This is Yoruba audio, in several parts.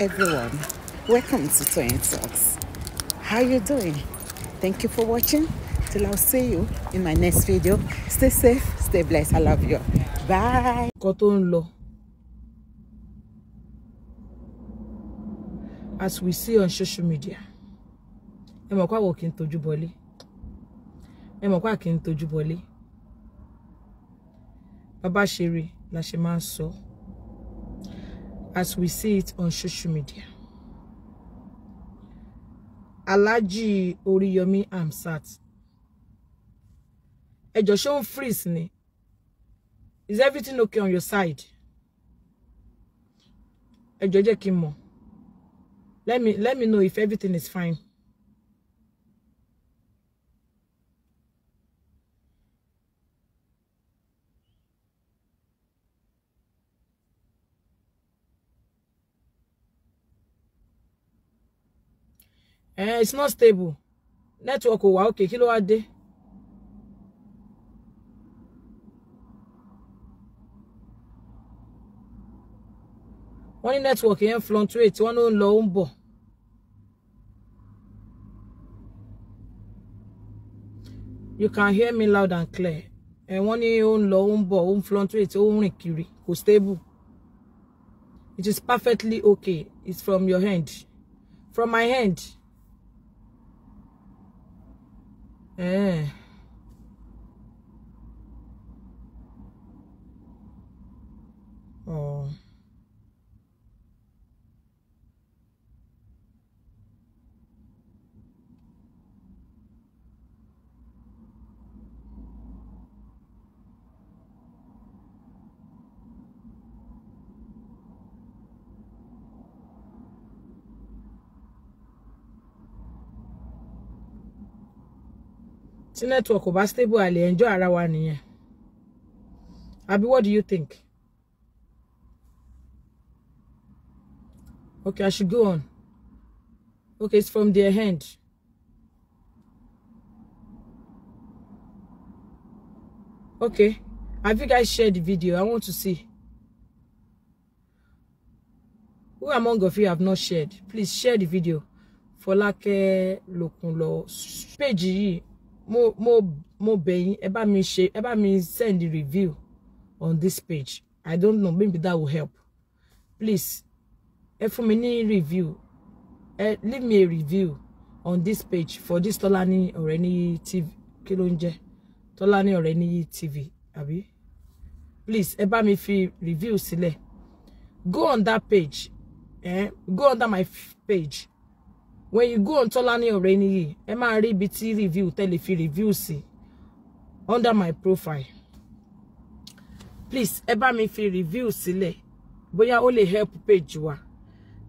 everyone welcome to Twin Talks how you doing thank you for watching till i'll see you in my next video stay safe stay blessed i love you bye nǹkan tó as we see on social media ẹ mọ̀ pa wo kí n tọ́jú bọlé ẹ mọ̀ pa kí n tọ́jú la ṣe máa so as we see it on social media. Alhaji Oriyomi Amsat. Ẹjọ́ ṣé ó freeze ni. Is everything okay on your side? Ẹjọ́ jẹ́ kí Let me let me know if everything is fine. eh, it's not stable network ò okay. òkè kí ló wá network yẹn fluctuate wọ́n ló ń lọ you can hear me loud and clear ẹ eh, wọ́n ní ó ń bo, ó ń bọ̀ ó fluctuate ó ń rìn stable it is perfectly okay it's from your hand from my hand. 哎，哦。tí network ò bá stable a lè enjoy ara wa nìyẹn àbí what do you think okay I should go on okay it's from their hand. okay have you guys shared the video i want to see who among of you have not shared please share the video Fọlákẹ́ Lókunlọ page yìí mo mo mo bẹ̀yìn ẹ bá mi ṣe ẹ bá mi send review on this page i don't know maybe that will help please ẹ fún mi ní review ẹ leave me a review on this page for this Tolani Oreniyi TV kí ló ń jẹ́ Tolani Oreniyi TV àbí please ẹ bá mi fi review sílẹ̀ go on that page eh? go under my page when you go on Tolani Oreniyi ẹ máa rí ibi tí review tẹ́lẹ̀ fi review see under my profile please ẹ me mi fi review sílẹ̀ but you only help page wa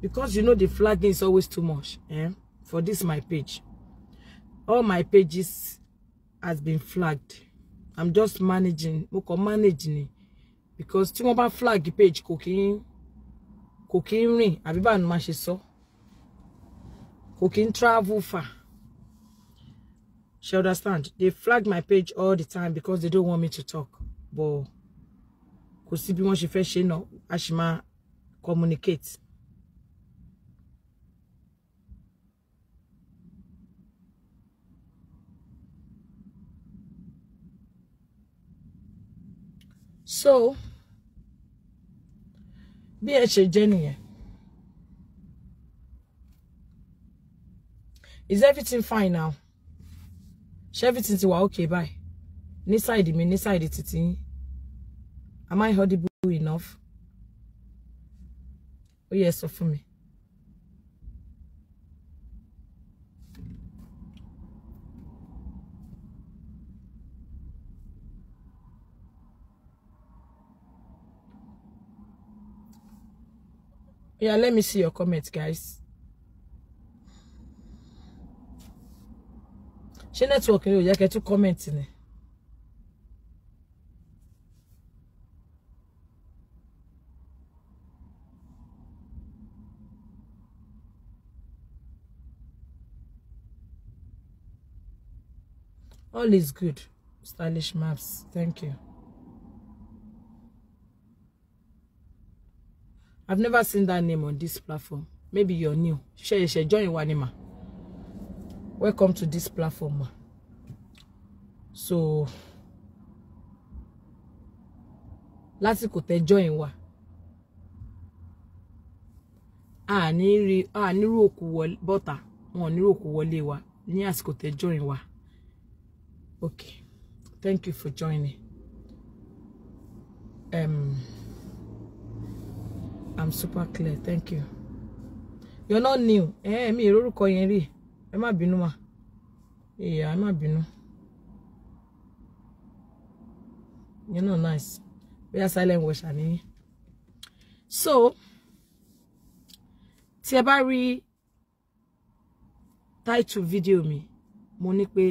because you know the flagging is always too much eh? for this my page all my pages has been flagged i'm just managing mo kàn because tí wọ́n flag page cooking, cooking kò kí ń rìn àbí So who can travel far. She understand. They flag my page all the time because they don't want me to talk. But kò sí bí wọ́n ṣe fẹ́ ṣe náà, communicate. So, be a ṣe is everything fine now ṣé everything ti okay bye. ní side me. ní side títí am I audible enough Oh yes, for me. Yeah, let me see your comments, guys. ṣé network yìí ò yẹ kẹ́ tún comment ni. all is good stylish maps thank you i've never seen that name on this platform maybe you're new ṣe ṣe join wa ni ma welcome to this platform so lásìkò tẹ́ join wa àní rí àní rò òkú wọlé bọ́tà wọn ò ní òkú wọlé wa ní àsìkò tẹ́ join wa okay thank you for joining um, i'm super clear thank you you're not new ẹ eh, mi ìrorúkọ yẹn rí i ẹ má bínú mà ìyá ẹ má bínú yẹn náà nice bóyá silent washer ni so tí ẹ bá rí title video mi mo ní pé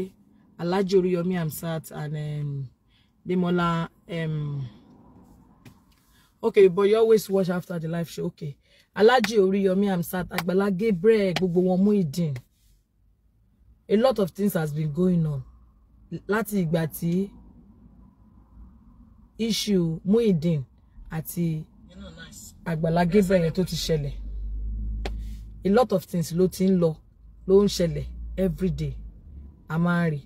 Alhaji Oriyomi Hamzat and um, Demola um, okay but you always watch after the live show okay Alhaji Oriyomi Hamzat Agbala Gabriel gbogbo wọn Muyideen a lot of things has been going on láti ìgbà tí issue Muyideen àti Àgbàlá Gabriel yẹn tó ti ṣẹlẹ̀ a lot of things ló ti ń lọ ló ń ṣẹlẹ̀ everyday a máa ń rí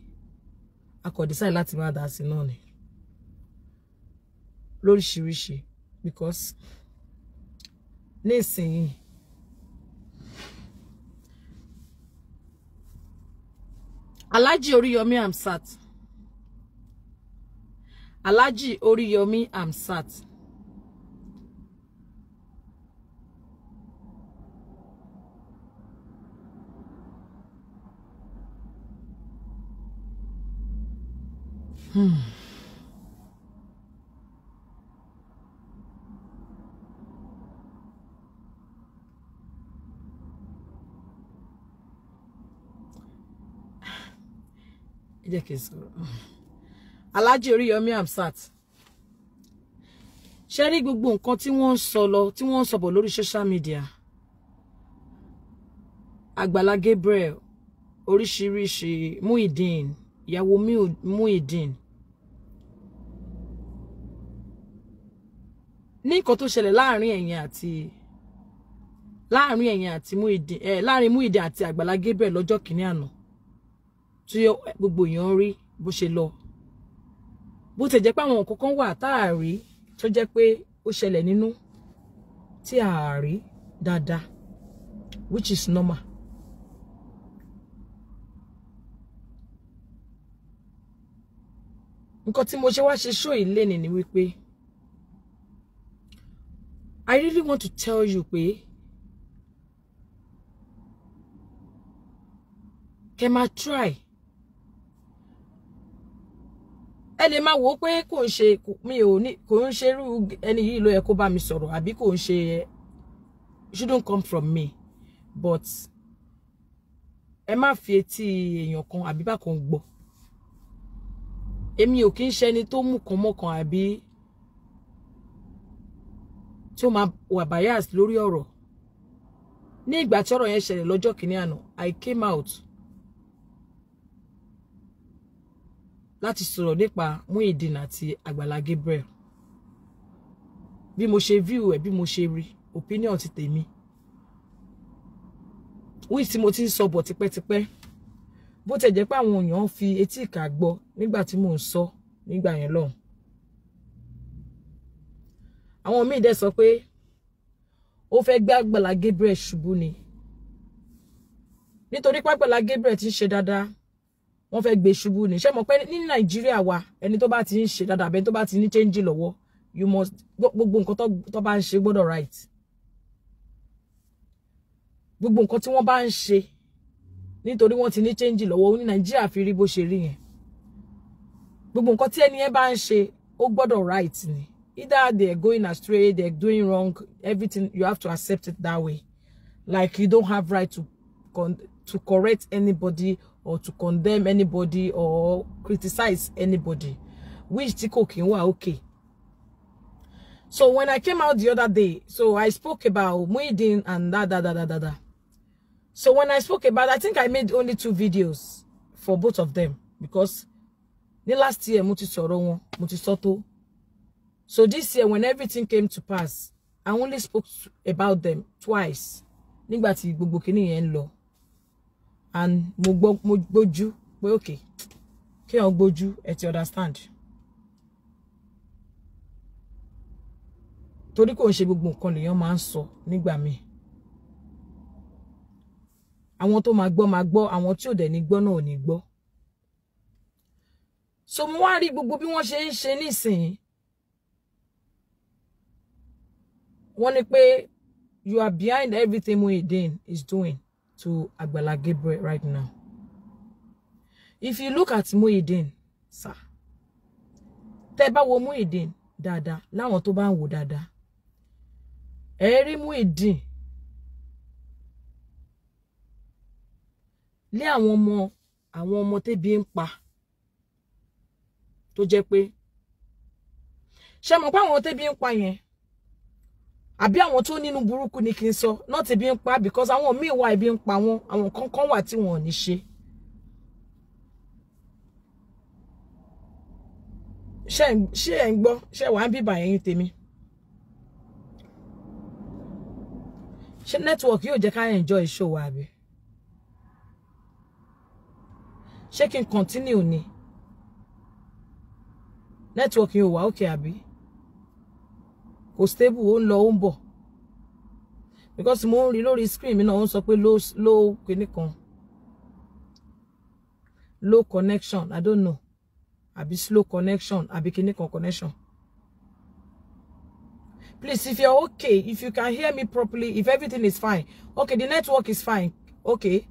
a kò decide láti máa dà sí náà ni lóríṣiríṣi because nísìnyí Alhaji Oríyọmí Hamzat Alaji Oríyọmí Hamzat. Hmm. jẹ́ kí n sọ̀rọ̀ Alhaji Oríyọmí Hamzat ṣe rí gbogbo nǹkan tí wọ́n ń sọ lọ tí wọ́n ń sọ bọ̀ lórí social media Àgbàlá Gabriel oríṣiríṣi Muyideen ìyàwó Muyideen ní nǹkan tó ṣẹlẹ̀ láàrin ẹ̀yin àti láàrin ẹ̀yin àti Muyideen ẹ̀ eh, láàrin Muyideen àti Àgbàlá Gabriel lọ́jọ́ kìíní àná tí eh, gbogbo èèyàn rí bó ṣe lọ bó ti jẹ́ pé àwọn nǹkan kan wà tá a tó jẹ́ pé ó ṣẹlẹ̀ nínú tí a rí dáadáa which is normal. nǹkan tí mo ṣe wá ṣe ṣó ilé ni wípé I really want to tell you pé kẹ́ máa try ẹ lè máa wò ó pé kò ń ṣe mi ò ní kò ń ṣe irú ẹni yìí ló yẹ kó bá mi sọ̀rọ̀ àbí kò ń ṣe shouldn't come from me but ẹ má fi etí èèyàn kan àbí bákan gbọ́ èmi ò kí ń ṣe ẹni tó mú kan mọ́kan àbí tí ó máa wà bias lórí ọ̀rọ̀ ní ìgbà tí ọ̀rọ̀ yẹn ṣẹlẹ̀ lọ́jọ́ kìíní àná I came out láti sọ̀rọ̀ nípa Muyideen àti Àgbàlá Gabriel bí mo ṣe view ẹ̀ bí mo ṣe rí opinion ti tèmi wíì tí mo ti ń sọ bọ̀ tipẹ́tipẹ́ bó tẹ̀ jẹ́ pé àwọn èèyàn fi etí ìka gbọ́ nígbà tí mò ń sọ nígbà yẹn lọ́hùn àwọn míì dẹ̀ sọ pé ó fẹ́ gbé Àgbàlá Gabriel ṣubú ni nítorí pé Gabriel ti ń ṣe dáadáa wọ́n fẹ́ gbé ṣubú ni ṣé mo pé ní nàìjíríà wa ẹni tó bá ti ń ṣe dáadáa bẹ́ẹ̀ tó bá ti ní change lọ́wọ́ you must gbogbo nǹkan tó bá ń ṣe gbọ́dọ̀ right gbogbo nǹkan tí wọ́n bá ń ṣe nítorí wọ́n ti ní change lọ́wọ́ ó ní nàìjíríà fi rí bó ṣe rí yẹn gbogbo nǹkan tí ẹni yẹn bá ń ṣe ó gbọ́dọ̀ right ni either they're going astray they're doing wrong everything you have to accept it that way like you don't have right to to correct anybody or to condemn anybody or criticize anybody which tí kò kí okay so when I came out the other day so I spoke about Muideen and da da da da da da so when I spoke about I think I made only two videos for both of them because the last year mo ti sọ̀rọ̀ so this year when everything came to pass I only spoke about them twice nígbà tí gbogbo kinní yẹn ń and mo gbọ́ mo gbójú pé okay kéèyàn gbójú ẹ ti understand torí kò ń ṣe gbogbo nǹkan lèèyàn máa ń sọ nígbà míì àwọn tó máa gbọ́ máa gbọ́ àwọn tí ò dẹ̀ ní gbọ́ náà ò ní gbọ́ so mo wá rí gbogbo bí wọ́n ṣe ń ṣe nísìnyí wọ́n ní pé you are behind everything Muyideen is doing to Agbala Gabriel right now. If you look at Muideen, sir, tẹ́ bá wo Muideen dáadáa láwọn tó bá ń wò dáadáa. Ẹ rí Muideen lé àwọn ọmọ àwọn ọmọ tẹ́bi ń pa tó jẹ́ pé ṣé mọ̀ pé àwọn tẹ́bi ń pa àbí àwọn tó nínú burúkú ni kì í sọ náà ti bí ń pa because àwọn míì wà ibi ń pa wọn àwọn kankan wà tí wọn ò ní ṣe. ṣé ẹ̀ ń gbọ́ ṣé wàá ń bíbà ẹ̀yìn tèmi. ṣé network yóò jẹ́ ká enjoy show wa àbí. ṣé kí n continue ni network yóò wà ókè àbí. Okay, kò stable ó ń lọ ó ń bọ̀ because mo ń rí lórí screen mi náà ó ń sọ pé low low kinní kan low connection i don't know àbí slow connection àbí kinní kan connection please if you're okay if you can hear me properly if everything is fine okay the network is fine okay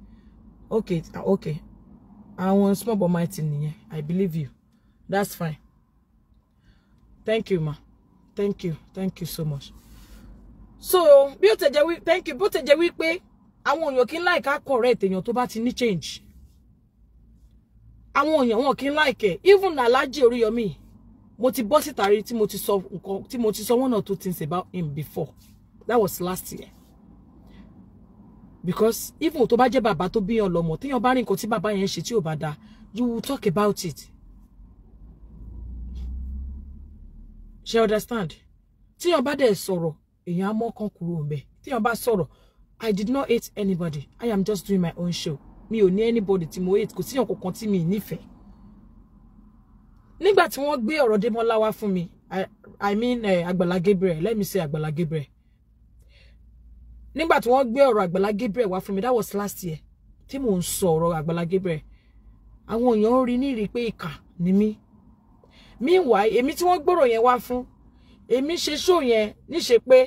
okay okay àwọn small but mighty nìyẹn i believe you that's fine thank you ma thank you thank you so much so bí ó tẹ̀jẹ̀ wí thank you bó tẹ̀jẹ̀ wí pé àwọn èèyàn kì í like á correct èèyàn tó bá ti ní change àwọn èèyàn wọn kì í like even Alhaji Oríyọmí mo ti bọ́ síta rí tí mo ti sọ nǹkan tí mo ti sọ one or two things about him before that was last year because even tó bá jẹ́ bàbá tó bíyàn lọ́mọ téèyàn bá rí nǹkan tí bàbá yẹn ṣe tí ò bá dáa you will talk about it ṣe understand tíyàn bá dẹ̀ sọ̀rọ̀ èèyàn á mọ́kàn kúrò ń bẹ̀ tíyàn bá sọ̀rọ̀ i did not hate anybody i am just doing my own show mi ò ní anybody tí mo hate kò síyàn kankan tí mi nífẹ̀ẹ́ nígbà tí wọ́n gbé ọ̀rọ̀ Démọ́lá wá fún mi i, I mean uh, Àgbàlá Gabriel let me say Àgbàlá Gabriel nígbà tí wọ́n gbé ọ̀rọ̀ Àgbàlá Gabriel wá fún mi that was last year tí mò ń sọ ọ̀rọ̀ Àgbàlá Gabriel àwọn èèyàn rí ní rí pé ìkà ni mí meanwhile èmi tí wọ́n gbòòrò yẹn wá fún èmi ṣe ṣó yẹn níṣe pé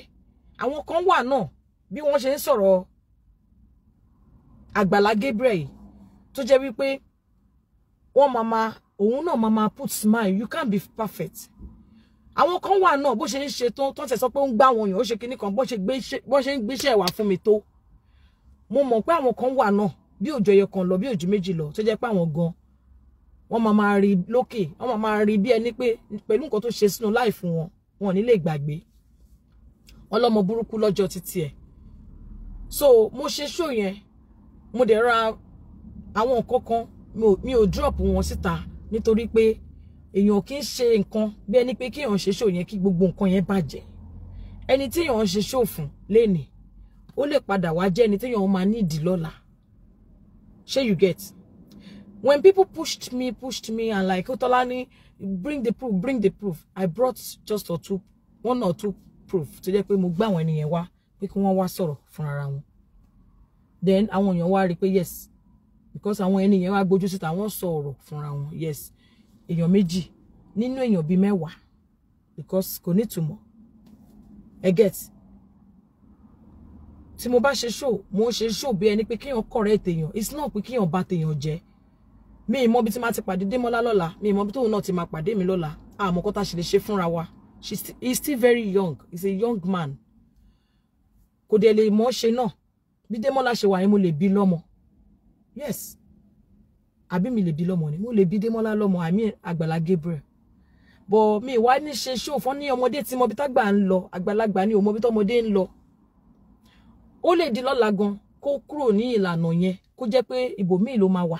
àwọn kan wà náà bí wọ́n ṣe ń sọ̀rọ̀ Àgbàlá Gabriel yìí tó jẹ́ wípé wọ́n máa ma òun náà máa ma put smile you can't be perfect àwọn kan wà náà bó ṣe ń ṣe tó tó ń sọ pé ó ń gbá àwọn èèyàn ó ṣe kinní kan bó ṣe ń gbéṣẹ́ wà fún mi tó mo mọ̀ pé àwọn kan wà náà bí òjò ẹyọ kan lọ bí òjò méjì lọ tó jẹ́ pé àwọn gan-an wọ́n máa máa rí lókè wọ́n máa máa rí bí ẹni pé pẹ̀lú nǹkan tó ṣe sínú láì fún wọn wọn ò ní lè gbàgbé wọn lọ́mọ burúkú lọ́jọ́ títí ẹ̀ so mo ṣe ṣó yẹn mo dẹ̀ ra àwọn nǹkan kan mi ò drop wọn síta nítorí pé èèyàn kì í ṣe nǹkan bí ẹni pé kéèyàn ṣe ṣó yẹn kí gbogbo nǹkan yẹn bàjẹ́ ẹni tí èèyàn ṣe ṣó fún lénìí ó lè padà wá jẹ́ ẹni tí èèyàn máa nídìí lọ́la ṣé you get when people pushed me, pushed me, and like Otolani, bring the proof, bring the proof. I brought just or two, one or two proof. today. jẹ́ pé mo gbà wọ́n ènìyàn wá, pé kí wọ́n wá sọ̀rọ̀ Then I want your rí pé yes, because àwọn ènìyàn wá gbójú síta, wọ́n sọ̀rọ̀ fún ara wọn. Yes, èèyàn méjì nínú in your mẹ́wàá, because kò ní ìtumọ̀. Ẹ get tí mo bá ṣe show, mo ṣe show be ẹni pé kéèyàn correct èèyàn. It's not pé kéèyàn in tèèyàn je mi ì mọ ibi tí máa ti pàdé Démọ́lá lọ́la mi ì mọ ibi tóun náà ti máa pàdé mi lọ́la àmọ́ kọ́tà ṣe lè ṣe fúnra wa she he is still very young he is a young man kò dẹ̀ lè mọ̀ ṣe náà bí Démọ́lá ṣe wà yẹn mo lè bí lọ́mọ yes àbí mi lè bí lọ́mọ ni mo lè bí Démọ́lá lọ́mọ àmì Àgbàlá Gabriel bọ̀ mi ìwá ní ṣe ṣòfò ní ọmọdé tí mo bí tágbà ń lọ àgbàlagbà ni òmọbí tọmọdé ń lọ ó lè di lọ́la gan kó kúrò ní ìlànà yẹn kó jẹ́ pé ibòmíì ló máa wà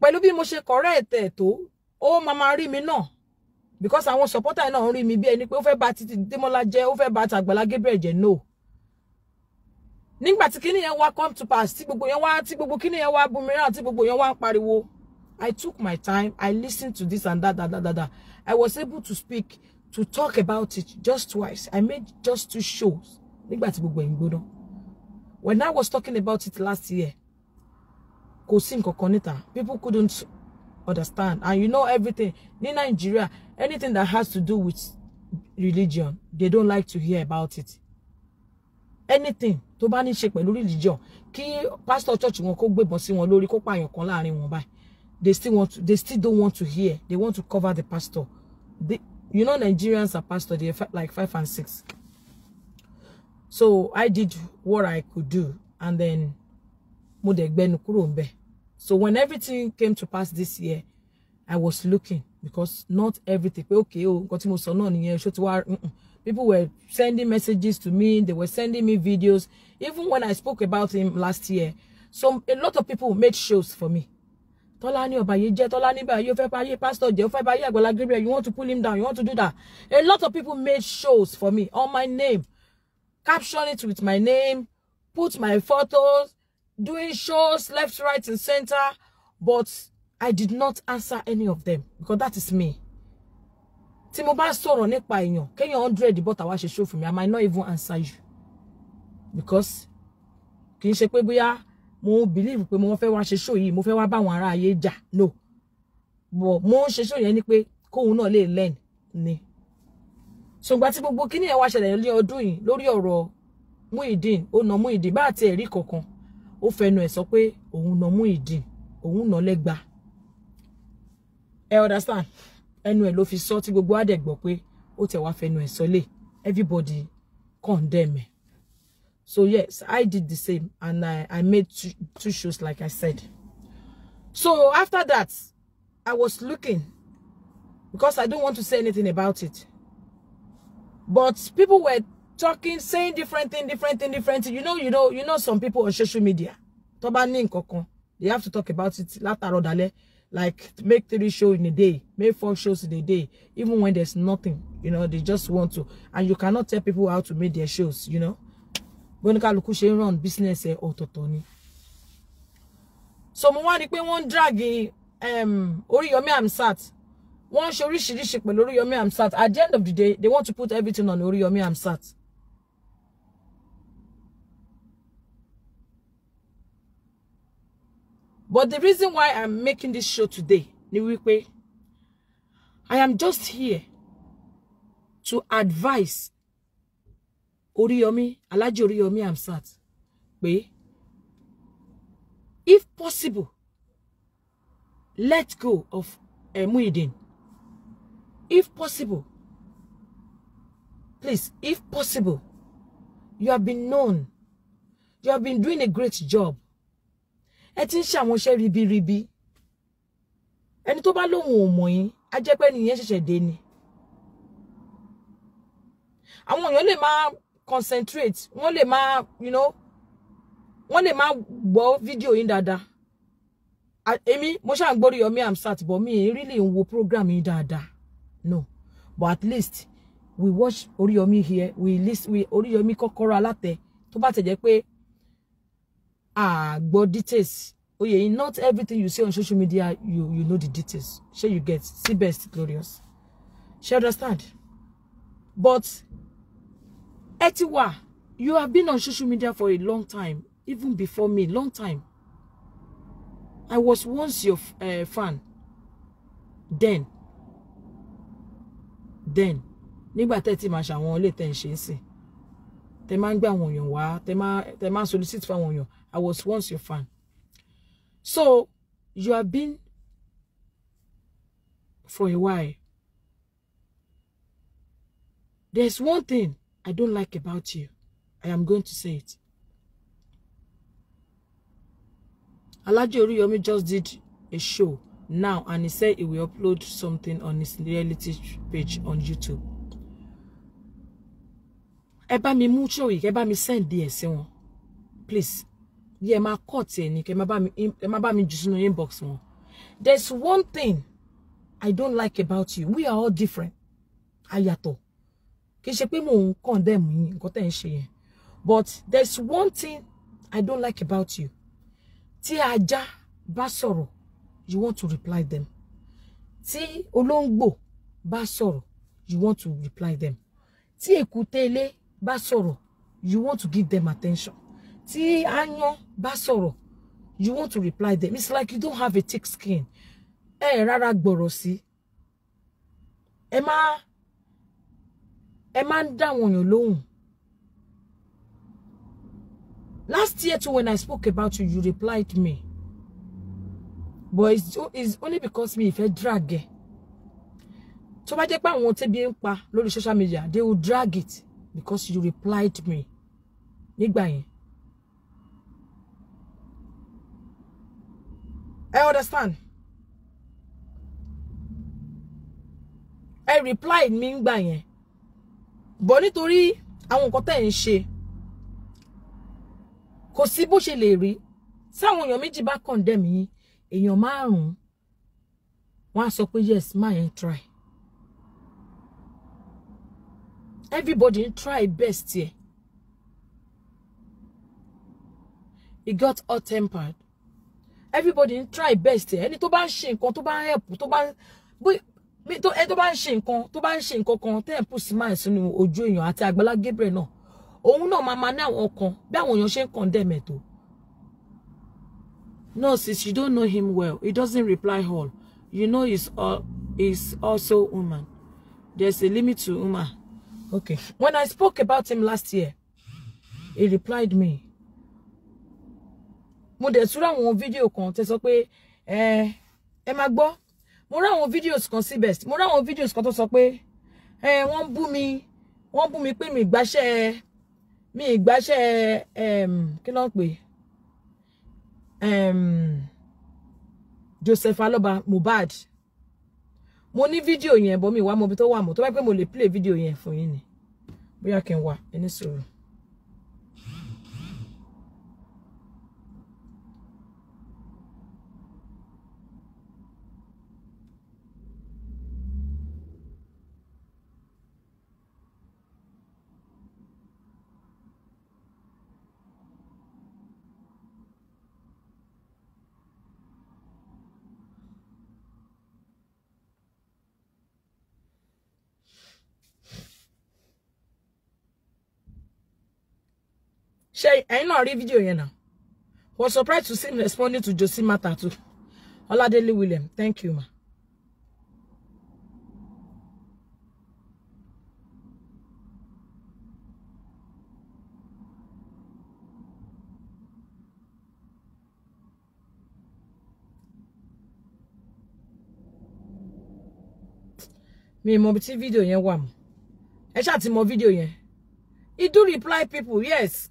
pẹ̀lú bí mo ṣe kọ̀rẹ́ ẹ̀tẹ̀ tó ó máa máa rí mi náà because àwọn supporter náà ń rí mi bí ẹni pé ó fẹ́ bà títí Démọ́lá jẹ́ ó fẹ́ bà ti Gabriel jẹ́ no nígbà tí kíní yẹn wá come to pass tí gbogbo yẹn wá tí gbogbo kíní yẹn wá boomerang tí gbogbo yẹn wá pariwo I took my time I listened to this and that that that that, that. I was able to speak to talk about it just twice I made just two shows nígbà tí gbogbo yẹn gbóná when I was talking about it last year Kosin sí níta people couldn't understand and you know everything ní Nigeria anything that has to do with religion they don't like to hear about it anything tó bá ní ṣe pẹ̀lú religion kí pastor church wọn kó gbébọn sí wọn lórí kó pààyàn kan láàrin wọn báyìí they still want to, they still don't want to hear they want to cover the pastor they, you know Nigerians are pastor they are like five and six so I did what I could do and then mo dẹ̀ gbẹnu kúrò ń bẹ́ẹ̀ so when everything came to pass this year i was looking because not everything okay oh, nǹkan tí mo sọ náà nìyẹn ṣó ti people were sending messages to me they were sending me videos even when i spoke about him last year so a lot of people made shows for me Tolani Obayeje Tolani ba yo fẹ́ pa ye pastor je o fẹ́ ba ye Agbala Gabriel you want to pull him down you want to do that a lot of people made shows for me on my name caption it with my name put my photos doing shows left, right, and center, but I did not answer any of them because that is me. Tí mo bá sọ̀rọ̀ nípa èèyàn, kéèyàn 100 but àwa ṣe show for me I might not even answer you. Because kì í ṣe mo believe kwe mo fẹ́ wá ṣe show yìí, mo fẹ́ wá bá àwọn ará No. But mo ṣe show yẹn ni pé kóun náà lè learn ni. So ìgbà tí gbogbo kíní yẹn wá ṣẹlẹ̀ doing ọdún yìí lórí ọ̀rọ̀ Muyideen, ó nà Muyideen bá àti ẹ̀rí kankan ó fẹnu ẹ̀ sọ pé òun nà Muyideen òun nà lẹ́gba ẹ understand ẹnu ẹ̀ ló fi sọ tí gbogbo adẹ̀ gbọ́ pé ó tẹ̀ wá fẹnu ẹ̀ sọlé everybody condemn ẹ̀ so yes I did the same and I, I made two, two shows like I said so after that I was looking because I don't want to say anything about it but people were talking saying different thing different thing different thing you know you know you know some people on social media tó bá ní nǹkan they have to talk about it later or dalẹ́ like make three shows in a day make four shows in a day even when there's nothing you know they just want to and you cannot tell people how to make their shows you know bóníkàlùkù ṣe ń run business ẹ ọ̀tọ̀ọ̀tọ̀ ni so mo wá rí i pé wọ́n ń sat. One show, Hamzat wọ́n ń ṣe oríṣiríṣi pẹ̀lú Oríyọmí Hamzat at the end of the day they want to put everything on Oríyọmí sat. But the reason why I'm making this show today, ni I am just here to advise Oriyomi, Alhaji Oriyomi Hamzat, pé, if possible, let go of uh, If possible, please, if possible, you have been known, you have been doing a great job ẹ ti ń ṣe àwọn iṣẹ́ ribiribi ẹni tó bá lóun ò mọ̀ yín á jẹ́ pé nìyẹn ṣẹ̀ṣẹ̀ dé ni àwọn èèyàn lè máa concentrate wọ́n lè máa you know wọ́n lè máa gbọ́ fídíò yín dáadáa èmi mo ṣáà ń gbórí Yomi Amsat but mi really ń wo program yín dáadáa no but at least we watch Oríyọmí here we list we Oríyọmí kọ́kọ́rọ́ alátẹ tó bá tẹ̀ jẹ́ pé Ah, àgbọ̀ details Oh yeah, not everything you see on social media you you know the details Sure you get see best glorious Sure understand but ẹ you have been on social media for a long time even before me long time I was once your uh, fan then then nígbà tẹ́ ti máa ṣàwọn ilé tẹ́ ń ṣe é sìn tẹ́ máa ń gbé àwọn èèyàn wá tẹ́ máa tẹ́ máa solicit fún èèyàn I was once your fan. So you have been for a while. There's one thing I don't like about you. I am going to say it. Alhaji Oriyomi just did a show now and he said he will upload something on his reality page on YouTube. Eba mi mucho show yìí, mi send díẹ̀ sí wọn. Please yẹ máa kọ́ tiẹ̀ ní kẹ́ ẹ má ba mi jù sínú inbox wọn There's one thing I don't like about you we are all different a yàtọ̀ kì í ṣe pé mò ń condemn yín nǹkan tẹ̀ ń ṣe yẹn but there's one thing I don't like about you tí ajá bá sọ̀rọ̀ you want to reply them tí olóńgbò bá sọ̀rọ̀ you want to reply them tí èkúté ilé bá sọ̀rọ̀ you want to give them attention tí aáyán bá sọ̀rọ̀ you want to reply them it's like you don't have a thick skin ẹ ẹ rárá gbọ̀rọ̀ sí ẹ má ẹ má ń dá àwọn èèyàn lóhùn last year too when I spoke about you you replied me but it's, it's only because me, if I drag ẹ tó bá jẹ́ pé àwọn tẹ́bi ń pa lórí social media they will drag it because you replied me nígbà yẹn I understand. I replied mi ń gbà yẹn bọ̀ nítorí àwọn nǹkan tẹ̀ ń ṣe kò sí bó ṣe lè rí táwọn èèyàn condemn yín èèyàn márùn-ún wọ́n á yes má yẹn try everybody try best here. he got all tempered everybody try best ẹni tó bá ń ṣe nǹkan tó bá ń help tó bá ń ẹni tó bá ń ṣe nǹkan tó bá ń ṣe nǹkan kan tẹ́ ẹ̀ pù sínú ojú èèyàn àti Àgbàlá Gabriel náà òun náà máa máa ní àwọn ọkàn bí àwọn èèyàn ṣe ń condemn ẹ̀ tó. No, sis, you don't know him well. He doesn't reply all. You know he's, all, uh, he's also human. There's a limit to human. Okay. When I spoke about him last year, he replied me mo dẹ̀ tún ráwọn fídíò kan tẹ sọ pé ẹ ẹ máa gbọ́ mo ráwọn fídíòs kan síbẹ̀ mo ráwọn fídíòs kan tó sọ pé ẹ wọ́n bú mi wọ́n bú mi pé mi ìgbàṣẹ́ mi ìgbàṣẹ́ kí ló ń pè Joseph Aloba Mohbad mo ní fídíò yẹn bọ́ mi wá mo bí tó wà mọ́ tó bá pẹ́ mo lè play fídíò yẹn fún yín ni bóyá kí n wà ẹni sọ̀rọ̀. ṣé ẹ̀yin náà rí fídíò yẹn náà was surprised to see him responding to Josie matter too daily William thank you ma. Me mọ video tí one. I chat mọ́ ẹ ṣáà ti mọ he do reply people yes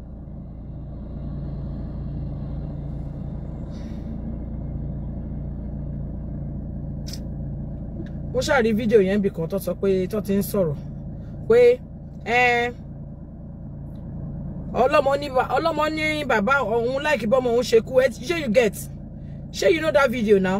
ó ṣàrí fídíò yẹn bì kan tó sọ pé tó ti ń sọ̀rọ̀ pé ọlọ́mọ ní bàbá òun láìkí bọ́mọ òun ṣe kú ṣé you get ṣé you know that video now.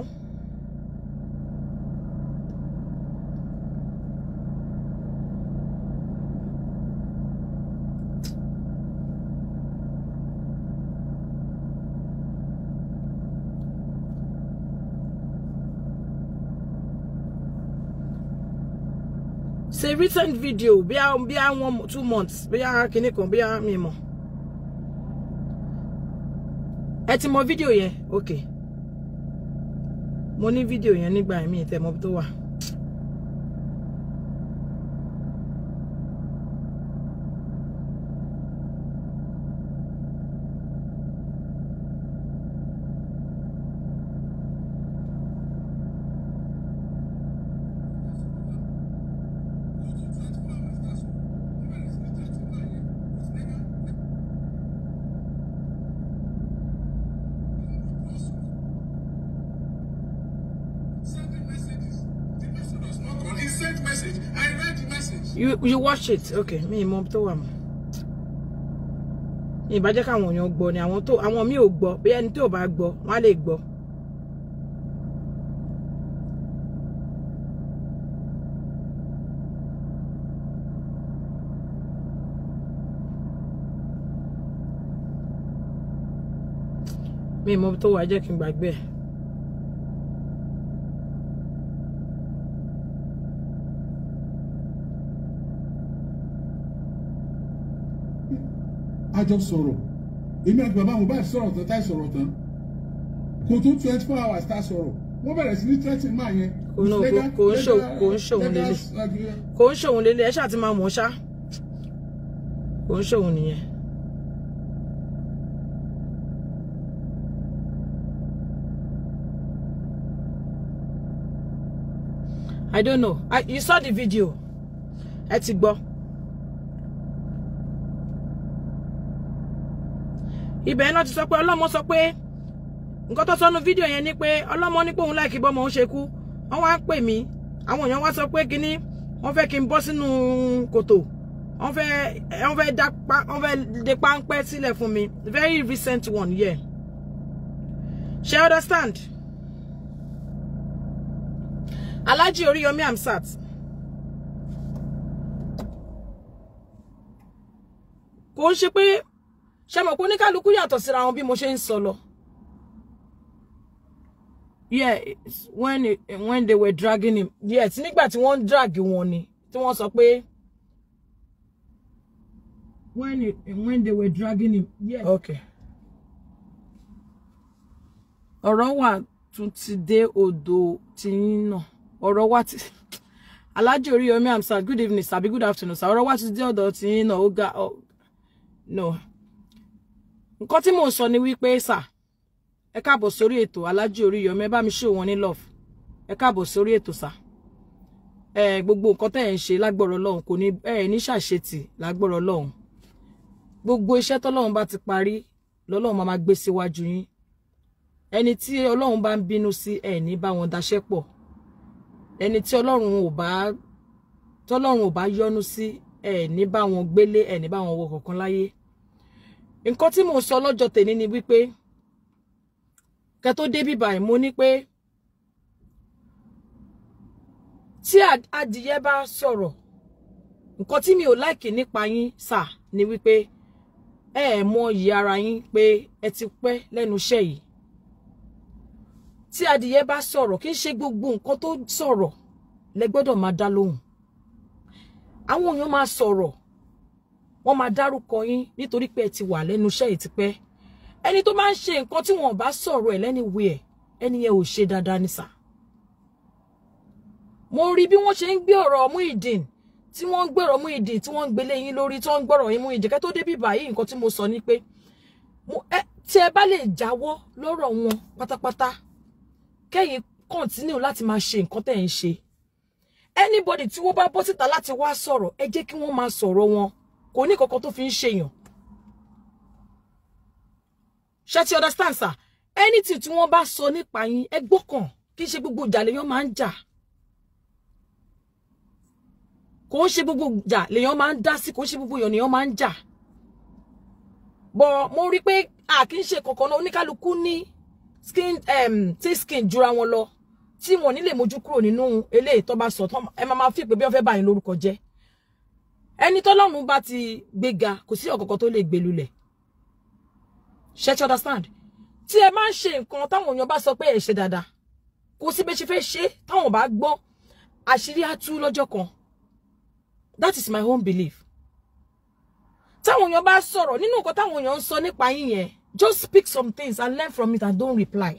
say recent video Be be bia one two months bia kini kan bia mi mọ̀ ẹ ti video ye. okay Money video ye nígbà mi tẹ́ mọ̀ tó wà you you watch it okay mi ì mọ tó wà mọ́ ìbàjẹ́ káwọn èèyàn gbọ́ ni àwọn tó àwọn mi ò gbọ́ bí ẹni tó bá gbọ́ wọ́n á lè gbọ́. mi mọ tó wà jẹ́ kí àjọ sọ̀rọ̀ èmi àti bàbá Mohbad sọ̀rọ̀ tán táì sọ̀rọ̀ tán kò tó twenty four hours tá a sọ̀rọ̀ wọ́n sí ní threatening máa yẹn. kò ń ṣòwò kò ń ṣòwò lélẹ̀ kò ń ṣòwò lélẹ̀ ẹ ṣáà ti máa mọ̀ ṣá kò ń ṣòwò nìyẹn. I don't know. I, you saw the video. Ẹ ti gbọ́. ibẹ̀ náà ti sọ pé ọlọ́mọ sọ pé nǹkan tó sọnù fídíò yẹn ni pé ọlọ́mọ ní pé òun láìkí bọ́mọ òun ṣe kú wọ́n wá pè mí àwọn èèyàn wá sọ pé kínní wọ́n fẹ́ kí n bọ́ sínú kòtò wọ́n fẹ́ wọ́n fẹ́ da pa wọ́n fẹ́ de páńpẹ́ sílẹ̀ fún mi very recent one yeah ṣe understand Alhaji Oríyọmí Amsat kò ń ṣe pé ṣe mọ̀ pé oníkálukú yàtọ̀ síra wọn bí mo ṣe ń sọ lọ. yeah when when they were dragging him yes nígbà tí wọ́n ń drag wọn ni tí wọ́n sọ pé. when when they were dragging him yes. okay. ọ̀rọ̀ wà tún ti dé odò tìyín náà ọ̀rọ̀ wà ti alájì orí yomi amsat good evening sabi good afternoon sir ọ̀rọ̀ wà tún ti dé odò tìyín náà ó ga no nǹkan tí mò ń sọ ni wípé sà ẹ káàbọ̀ sórí ètò alájì Oríyọmí ẹ bá mi ṣe wọn ní love ẹ káàbọ̀ sórí ètò sà ẹ gbogbo nǹkan tẹ́ ẹ̀ ń ṣe lágbọ̀rọ̀ Ọlọ́run kò ní ẹ ní ṣàṣetì lágbọ̀rọ̀ Ọlọ́run gbogbo iṣẹ́ tọ́lọ́run bá ti parí lọ́lọ́run máa máa gbé síwájú yín ẹni tí Ọlọ́run bá ń bínú sí ẹ ní bá wọn daṣẹ́ pọ̀ ẹni tí Ọlọ́run ò bá tọ́lọ́run ò bá yọ́nú sí ẹ ní bá wọn gbélé ẹ ní bá wọn wọ kọ̀ọ̀kan láyé nǹkan tí mò ń sọ lọ́jọ́ tèmi ni wípé kẹ́ tó débí báyìí mo ní pé tí adìyẹ bá sọ̀rọ̀ nǹkan tí mi ò láìkì nípa yín sà ni wípé ẹ ẹ̀ mọ iyì ara yín pé ẹ ti pẹ́ lẹ́nu iṣẹ́ yìí tí adìyẹ bá sọ̀rọ̀ kì í ṣe gbogbo nǹkan tó sọ̀rọ̀ lẹ gbọ́dọ̀ máa dá lóhùn àwọn èèyàn máa sọ̀rọ̀ wọ́n máa dárúkọ yín nítorí pé ẹ ti wà lẹ́nu iṣẹ́ yìí tipẹ́ ẹni tó máa ń ṣe nǹkan tí wọ́n bá sọ̀rọ̀ ẹ̀ lẹ́niwẹ̀ẹ́ ẹni yẹn ò ṣe dáadáa ní sà mo rí bí wọ́n ṣe ń gbé ọ̀rọ̀ Muyideen tí wọ́n ń gbẹ̀rọ̀ Muyideen tí wọ́n ń gbélé yín lórí tí wọ́n ń gbọ̀rọ̀ yín Muyideen kẹ́ tó débí báyìí nǹkan tí mo sọ ni pé tí ẹ bá lè jáwọ́ lọ́rọ̀ wọn pátápátá kẹ́yìn kọ́ńtínú láti máa ṣe nǹkan tẹ̀ ń ṣe anybody tí wọ́n bá bọ́ síta láti wá sọ̀rọ̀ ẹ jẹ́ kí wọ́n máa sọ̀rọ̀ wọn kò ní kankan tó fi ń ṣèyàn ṣe ti understand sir anything tí wọ́n bá sọ nípa yín ẹ gbọ́kàn kì í ṣe gbogbo ìjà lèèyàn máa ń jà kò ń ṣe gbogbo ìjà lèèyàn máa ń dá sí kò ń ṣe gbogbo ìyàn lèèyàn máa ń jà bọ mo rí pé a kì í ṣe kankan náà oníkálukú ní skin um, tí skin jura wọn lọ tí wọn ò ní lè mójú kúrò nínú eléyìí tó bá sọ ẹ máa máa fi pé bí wọ́n fẹ́ bá lórúkọ jẹ́ ẹni tọ́lọ́run bá ti gbéga kò sí ọ̀kọ̀ọ̀kan tó lè gbé ṣe ti understand tí ẹ máa ń ṣe nǹkan táwọn èèyàn bá sọ pé ẹ ṣe dáadáa kò sí bẹ́ẹ̀ ṣe fẹ́ ṣe táwọn bá gbọ́ àṣírí á tú kan that is my own belief táwọn èèyàn bá sọ̀rọ̀ nínú nǹkan táwọn èèyàn ń sọ nípa yín yẹn just speak some things and learn from it and don't reply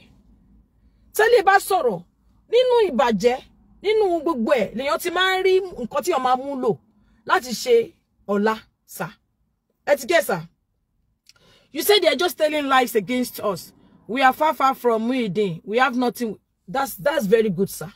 tẹ́lẹ̀ bá sọ̀rọ̀ nínú ìbàjẹ́ nínú gbogbo ẹ̀ lèèyàn ti máa ń rí nǹkan tí wọ́n máa mú lò láti ṣe ọ̀la sà ẹ ti gẹ̀ sà you say they are just telling lies against us we are far far from Muyideen we have nothing that's that's very good sir